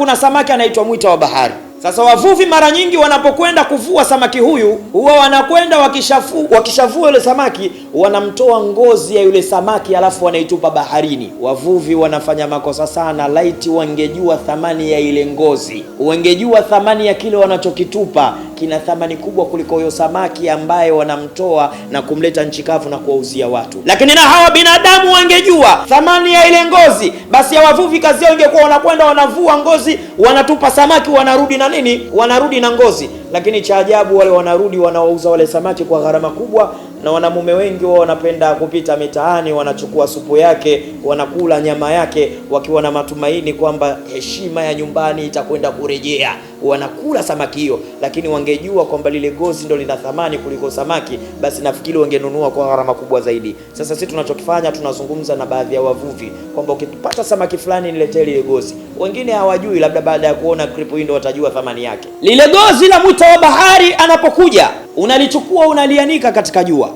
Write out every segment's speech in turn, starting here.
Kuna samaki anaitwa mwita wa bahari. Sasa wavuvi mara nyingi wanapokwenda kuvua samaki huyu huwa wanakwenda wakishafu, wakishavua yule samaki wanamtoa ngozi ya yule samaki alafu wanaitupa baharini. Wavuvi wanafanya makosa sana, laiti wangejua thamani ya ile ngozi, wangejua thamani ya kile wanachokitupa kina thamani kubwa kuliko huyo samaki ambaye wanamtoa na kumleta nchi kavu na kuwauzia watu. Lakini na hawa binadamu wangejua thamani ya ile ngozi, basi ya wavuvi kazi yao ingekuwa wanakwenda wanavua ngozi, wanatupa samaki, wanarudi na nini, wanarudi na ngozi. Lakini cha ajabu, wale wanarudi wanawauza wale samaki kwa gharama kubwa na wanamume wengi wao wanapenda kupita mitaani, wanachukua supu yake, wanakula nyama yake, wakiwa na matumaini kwamba heshima ya nyumbani itakwenda kurejea. Wanakula samaki hiyo, lakini wangejua kwamba lile gozi ndo lina thamani kuliko samaki, basi nafikiri wangenunua kwa gharama kubwa zaidi. Sasa sisi tunachokifanya, tunazungumza na baadhi ya wavuvi kwamba ukipata samaki fulani, niletee lile gozi. Wengine hawajui, labda baada ya kuona clip hii ndo watajua thamani yake. Lile gozi la mwito wa bahari anapokuja unalichukua unalianika katika jua.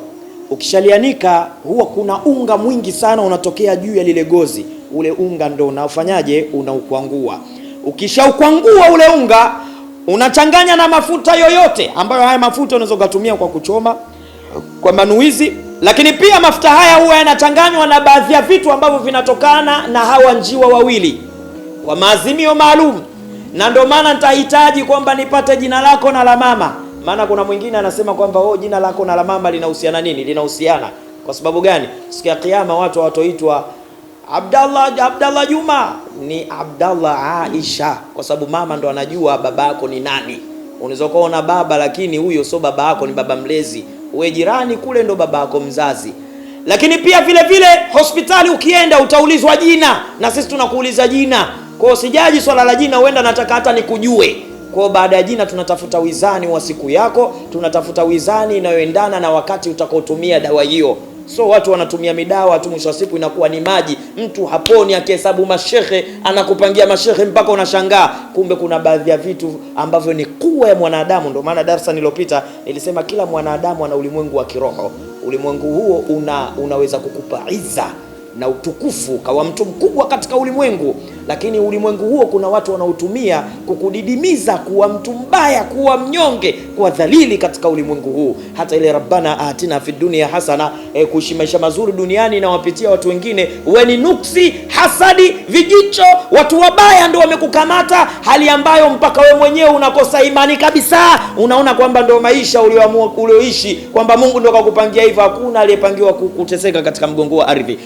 Ukishalianika huwa kuna unga mwingi sana unatokea juu ya lile gozi, ule unga ndo unaofanyaje, Unaukwangua. Ukishaukwangua ule unga unachanganya na mafuta yoyote, ambayo haya mafuta unaweza ukatumia kwa kuchoma, kwa manuizi, lakini pia mafuta haya huwa yanachanganywa na baadhi ya vitu ambavyo vinatokana na hawa njiwa wawili kwa maazimio maalum, na ndio maana nitahitaji kwamba nipate jina lako na la mama maana kuna mwingine anasema kwamba oh, jina lako na la mama linahusiana nini? Linahusiana kwa sababu gani? Siku ya Kiyama watu hawatoitwa Abdallah Abdallah Juma, ni Abdallah Aisha, kwa sababu mama ndo anajua baba yako ni nani. Unaweza kuona baba lakini huyo sio baba yako, ni baba mlezi. We jirani kule ndo baba yako mzazi. Lakini pia vile vile hospitali ukienda utaulizwa jina, na sisi tunakuuliza jina. Kwa hiyo sijaji swala la jina, huenda nataka hata nikujue kwa baada ya jina tunatafuta wizani wa siku yako, tunatafuta wizani inayoendana na wakati utakaotumia dawa hiyo. So watu wanatumia midawa tu, mwisho wa siku inakuwa ni maji. Mtu haponi akihesabu mashehe, anakupangia mashehe mpaka unashangaa. Kumbe kuna baadhi ya vitu ambavyo ni kuwa ya mwanadamu. Ndio maana darasa nililopita nilisema kila mwanadamu ana ulimwengu wa kiroho. Ulimwengu huo una, unaweza kukupa iza na utukufu, kawa mtu mkubwa katika ulimwengu lakini ulimwengu huo kuna watu wanaotumia kukudidimiza kuwa mtu mbaya, kuwa mnyonge, kuwa dhalili katika ulimwengu huu. Hata ile rabbana atina fi dunia hasana, e, kuishi maisha mazuri duniani na wapitia watu wengine, we ni nuksi, hasadi, vijicho, watu wabaya ndio wamekukamata, hali ambayo mpaka we mwenyewe unakosa imani kabisa, unaona kwamba ndio maisha ulioishi, kwamba Mungu ndio kakupangia hivyo. Hakuna aliyepangiwa kuteseka katika mgongo wa ardhi.